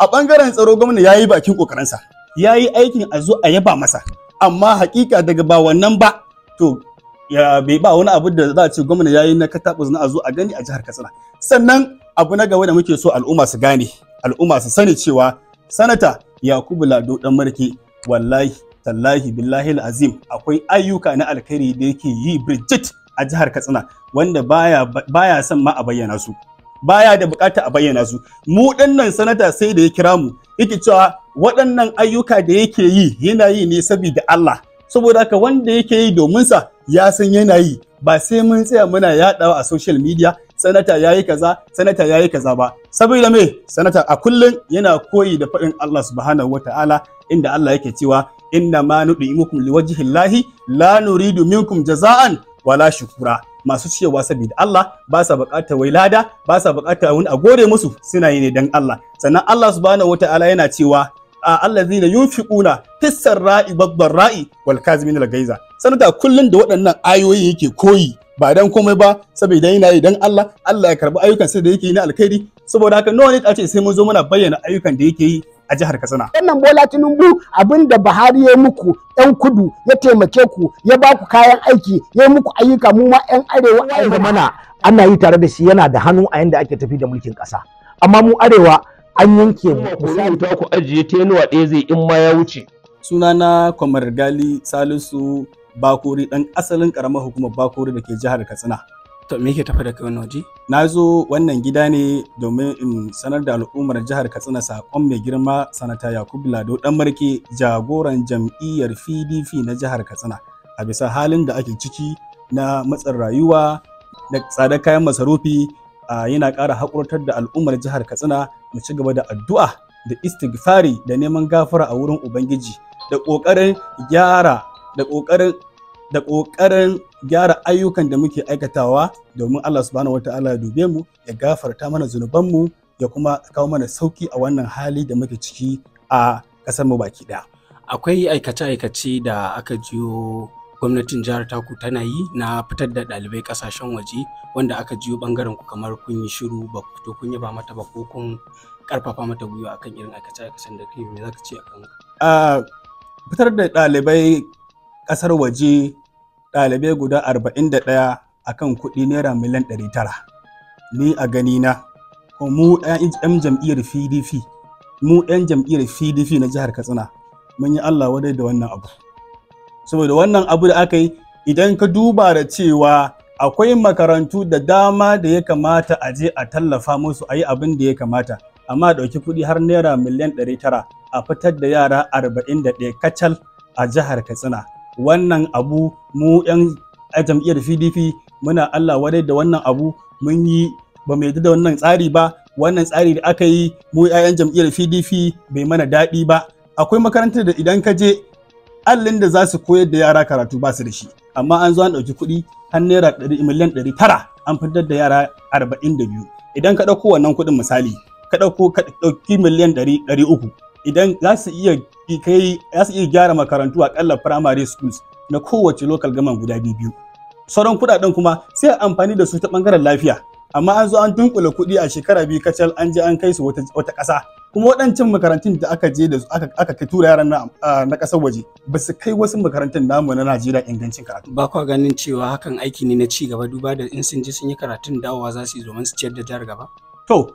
a ɓangaren tsaro gwamna yayi bakin Ya yi aikin a zo a yaba masa amma hakika daga ba wannan ba to ya bai ba wani abu da za a ce gwamna yayi na katabus na a zo a gani a jihar Katsina sannan abu na gaba da muke so al'umma su gane al'umma su sani cewa sanata Yakubu Lado dan marke wallahi tallahi billahi azim akwai ayyuka na alkhairi da yake yi Bridget a jihar Katsina wanda baya baya son ma a bayyana su baya da bukata a bayyana su mu dinnan sanata sai da ya kira mu yake cewa waɗannan ayyuka da yake yi yana yi ne saboda Allah saboda haka wanda yake yi domin sa ya san yana yi ba sai mun tsaya muna yaɗawa a social media sanata yayi kaza sanata yayi kaza ba saboda me sanata a kullun yana koyi da faɗin Allah subhanahu wataala inda Allah yake cewa inna ma nudimukum liwajhillahi la nuridu minkum jaza'an wala shukura masu cewa saboda Allah ba sa bukatar wai lada ba sa bukatar wani a gode musu suna yi ne dan Allah sannan Allah subhanahu wataala yana cewa a Allah allazina yunfiquna fissar ra'i babban ra'i wal kazimin al gaiza sanata kullun da waɗannan ayoyi yake koyi ba dan komai ba saboda yana yi dan Allah Allah ya karɓi ayyukan sa da yake yi na alkhairi saboda haka nawa ne a ce sai mun zo muna bayyana ayyukan da yake yi a jihar Katsina. Wannan Bola Tinubu abinda Buhari ya muku yan kudu ya taimake ku ya ba ku kayan aiki ya muku ayyuka mu ma yan arewa a mana ana yi tare da shi yana da hannu a yanda ake tafi da mulkin ƙasa. Amma mu arewa an yanke mu. Misali ta ku ajiye tenuwa ɗaya zai in ma ya wuce. Sunana Kwamar Gali Salisu Bakori ɗan asalin ƙaramar hukumar Bakori da ke jihar Katsina. To me ke tafi da kai wannan waje? Na zo wannan gida ne domin in sanar da al'ummar jihar Katsina sakon mai girma sanata Yakubu Lado dan marke jagoran jam'iyyar PDP na jihar Katsina a bisa halin da ake ciki na matsin rayuwa da tsadar kayan masarufi yana ƙara haƙurtar da al'ummar jihar Katsina mu ci gaba da addu'a da istighfari da neman gafara a wurin Ubangiji da ƙoƙarin gyara da ƙoƙarin da ƙoƙarin gyara ayyukan da muke aikatawa domin Allah subhanahu wata'ala ya dube mu ya gafarta mana zunubanmu ya kuma kawo mana sauki a wannan hali da muke ciki a ƙasar mu baki ɗaya. Akwai aikace-aikace da aka jiyo gwamnatin jihar taku tana yi na fitar da ɗalibai ƙasashen waje wanda aka jiyo bangaren ku kamar kun yi shiru ba ku to kun yaba mata ba ko kun ƙarfafa mata gwiwa akan irin aikace-aikacen da kai me za ka ce akan fitar da ɗalibai ƙasar waje ɗalibai guda 41 a kan kuɗi naira miliyan 900 ni a ganina mu ɗan jam'iyyar pdp mu 'yan jam'iyyar pdp na jihar katsina mun yi allah wadai da wannan abu saboda wannan abu da aka yi idan ka duba da cewa akwai makarantu da dama da ya kamata a je a tallafa musu a yi abin da ya kamata amma ɗauki kuɗi har naira miliyan 900 a fitar da yara 41 kacal a jihar katsina wannan abu mu 'yan jam'iyyar pdp muna allah wadai da wannan abu mun yi ba mai da wannan tsari ba wannan tsari da aka yi mu 'ya'yan jam'iyyar pdp bai mana daɗi ba akwai makarantar da idan ka je allin da za su koyar da yara karatu ba su da shi amma an zo an ɗauki kuɗi har naira miliyan ɗari tara an fitar da yara arba'in da biyu idan ka ɗauko wannan kuɗin misali ka ɗauko ka ɗauki miliyan ɗari uku idan za su iya kai za su iya gyara makarantu a akalla primary schools na kowace local gaman guda biyu sauran kudaden kuma sai amfani da su ta bangaren lafiya amma an zo an dunkule kuɗi a shekara biyu kacal an je an kai su wata kasa kuma waɗancan makarantun da aka je da aka kai tura yaran na ƙasar waje ba su kai wasu makarantun namu na Najeriya ingancin karatu. Ba kwa ganin cewa hakan aiki ne na ci gaba duba da in sun je sun yi karatun dawowa za su yi domin su ciyar da jihar gaba. To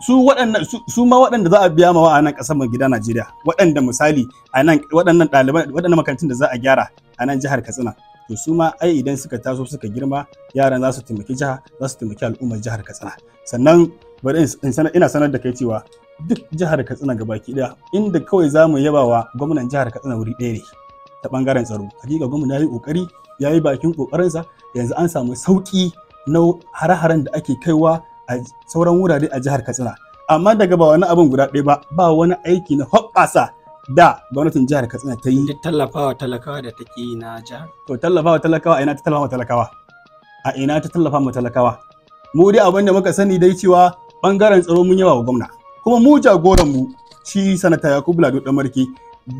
su waɗannan su ma waɗanda za a biya mawa a nan ƙasar mu gida Najeriya waɗanda misali a nan waɗannan ɗaliban waɗannan makarantun da za a gyara a nan jihar Katsina to su ma ai idan suka taso suka girma yaran za su taimaki jiha za su taimaki al'ummar jihar Katsina sannan bari ina sanar da kai cewa duk jihar Katsina gabaki ɗaya inda kawai za mu yaba wa gwamnan jihar Katsina wuri ɗaya ne ta ɓangaren tsaro hakika gwamna ya yi ƙoƙari ya yi bakin ƙoƙarinsa yanzu an samu sauƙi na hare-haren da ake kaiwa a sauran wurare a jihar Katsina. Amma daga ba wani abin guda ɗaya ba ba wani aiki na hoɓɓasa da gwamnatin jihar Katsina ta yi. da tallafawa talakawa da take yi na jihar. To tallafawa talakawa a ina ta tallafa talakawa? A ina ta tallafa ma talakawa? Mu dai abin da muka sani dai cewa bangaren tsaro mun yawa wa gwamna. Kuma mu jagoran mu shi sanata Yakubu Lado Damarki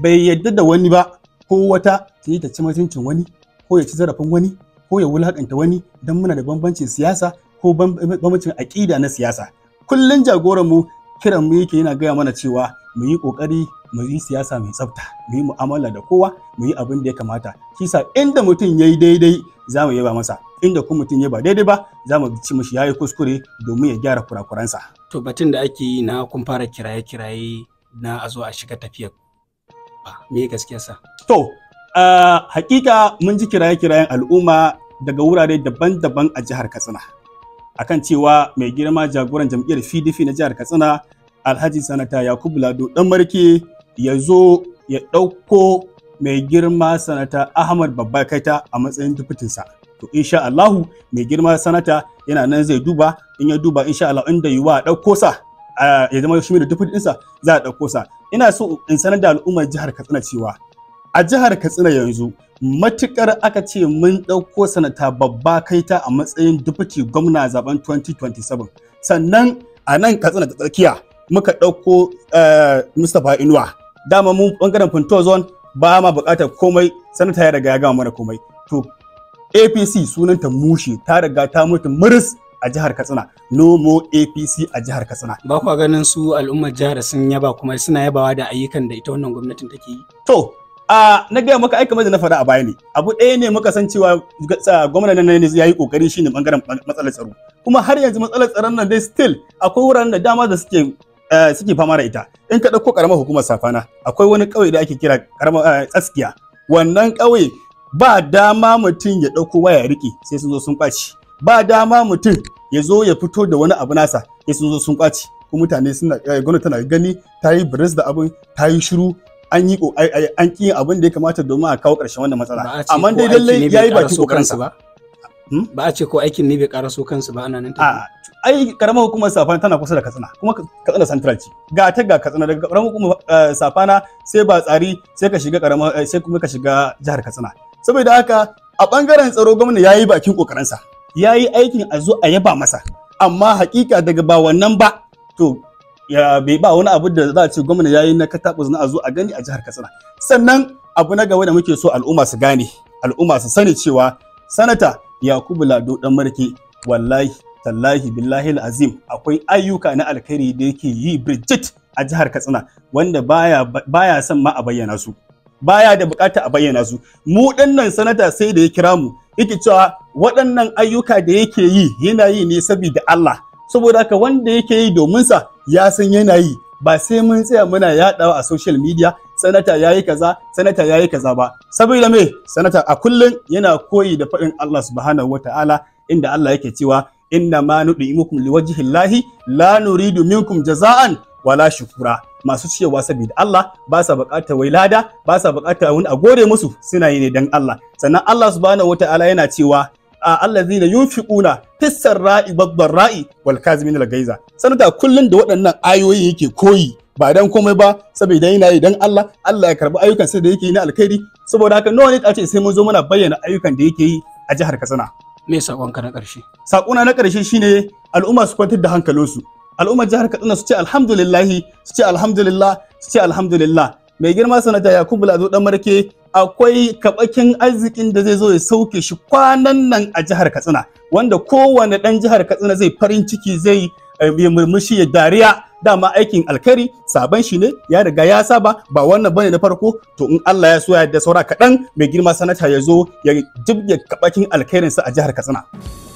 bai yadda da wani ba ko wata ta yi ta ci mutuncin wani ko ya ci zarafin wani ko ya wulakanta wani don muna da bambancin siyasa ko bambancin aƙida na siyasa kullum jagoran mu kiran mu yake yana gaya mana cewa mu yi ƙoƙari mu yi siyasa mai tsafta mu yi mu'amala da kowa mu yi abin da ya kamata kisa inda mutum ya yi daidai za mu yaba masa inda kuma mutum ya ba daidai ba za mu ci mishi yayi kuskure domin ya gyara kurakuransa to batun da ake yi na kun fara kiraye kiraye na a zo a shiga tafiyar ba me gaskiya sa to eh, hakika mun ji kiraye kirayen al'umma daga wurare daban-daban a jihar Katsina akan cewa mai girma jagoran jam'iyyar PDP na jihar Katsina Alhaji Sanata Yakubu Lado dan marke ya zo ya ɗauko mai girma Sanata Ahmad Babba Kaita a matsayin tufitinsa. To insha Allahu mai girma Sanata yana nan zai duba in ya duba insha Allah inda yiwa ɗauko sa ya zama shi da sa za a ɗauko sa. Ina so in sanar da al'ummar jihar Katsina cewa a jihar Katsina yanzu matukar aka ce mun ɗauko sanata babba kaita a matsayin dufuki gwamna zaben 2027 sannan a nan katsina ta tsakiya muka ɗauko eh, mustapha inuwa dama mun bangaren punto zone ba ma buƙatar komai sanata ya riga ya gama mana komai to apc sunanta mushe ta riga ta mutu muris a jihar katsina no more apc a jihar katsina ba kwa ganin su al'ummar jihar sun yaba kuma suna yabawa da ayyukan da ita wannan gwamnatin take yi to a na gaya maka aika mai da na faɗa a baya ne abu ɗaya ne muka san cewa gwamnati nan ne ya yi kokari shine bangaren matsalar tsaro kuma har yanzu matsalar tsaron nan dai still akwai wuraren da dama da suke suke fama da ita in ka ɗauko karamar hukumar safana akwai wani ƙauye da ake kira karamar tsaskiya wannan ƙauye ba dama mutum ya ɗauko waya ya riƙe sai sun zo sun kwaci ba dama mutum ya zo ya fito da wani abu nasa sai sun zo sun kwaci ko mutane suna gwamnati tana gani ta yi biris da abin ta yi shiru an yi an ki abin da ya kamata domin a kawo ƙarshen wannan matsala amma dai ya yi baki kokarinsa ba hmm? ba a ce ko aikin ne bai ƙara so kansu ba ana nan ta ai karamar hukumar safana tana kusa da katsina kuma katsina central ce ga ta ga katsina daga karamar hukumar eh, safana sai ba tsari sai ka shiga karamar eh, sai kuma ka shiga jihar katsina saboda haka a bangaren tsaro gwamna yi bakin kokarinsa yi aikin a zo a yaba masa amma hakika daga ba wannan ba to ya bai ba wani abu da za a ce gwamna yayi na katakus na a zo a gani a jihar Katsina sannan abu na gaba da muke so al'umma su gane al'umma su sani cewa sanata Yakubu Lado dan marke wallahi tallahi billahi azim akwai ayyuka na alkhairi da yake yi Bridget a jihar Katsina wanda baya baya son ma a bayyana su baya da bukata a bayyana su mu nan sanata sai da ya kira mu yake cewa waɗannan ayyuka da yake yi yana yi ne saboda Allah saboda haka wanda yake yi domin sa ya san yana yi ba sai mun tsaya muna yaɗawa a social media sanata yayi kaza sanata yayi kaza ba saboda me sanata a kullum yana koyi da faɗin Allah subhanahu wataala inda Allah yake cewa inna ma nudimukum liwajhillahi la nuridu minkum jaza'an wala shukura masu cewa saboda Allah ba sa bukatar wai lada ba sa bukatar wani a gode musu suna yi ne dan Allah sannan Allah subhanahu wataala yana cewa allazina yunfiquna fissar ra'i babban ra'i wal kazimin al gaiza sanata kullum da waɗannan ayoyi yake koyi ba dan komai ba saboda yana yi dan Allah Allah ya karbi ayyukan sai da yake yi na alkhairi saboda haka nawa ne ta ce sai mun zo muna bayyana ayyukan da yake yi a jihar Katsina me ka na karshe sakona na ƙarshe shine al'umma su kwantar da hankalinsu al'ummar jihar Katsina su ce alhamdulillah su ce alhamdulillah su ce alhamdulillah mai girma sanata Yakubu Lado dan Marke akwai kabakin arzikin da zai zo ya sauke shi kwanan nan a jihar Katsina wanda kowane dan jihar Katsina zai farin ciki zai eh, yi murmushi ya dariya dama aikin alkari sabon shi ne ya riga ya saba ba wannan bane na farko to in Allah ya so ya da saura kaɗan mai girma sanata ya zo ya jibge kabakin sa a jihar Katsina.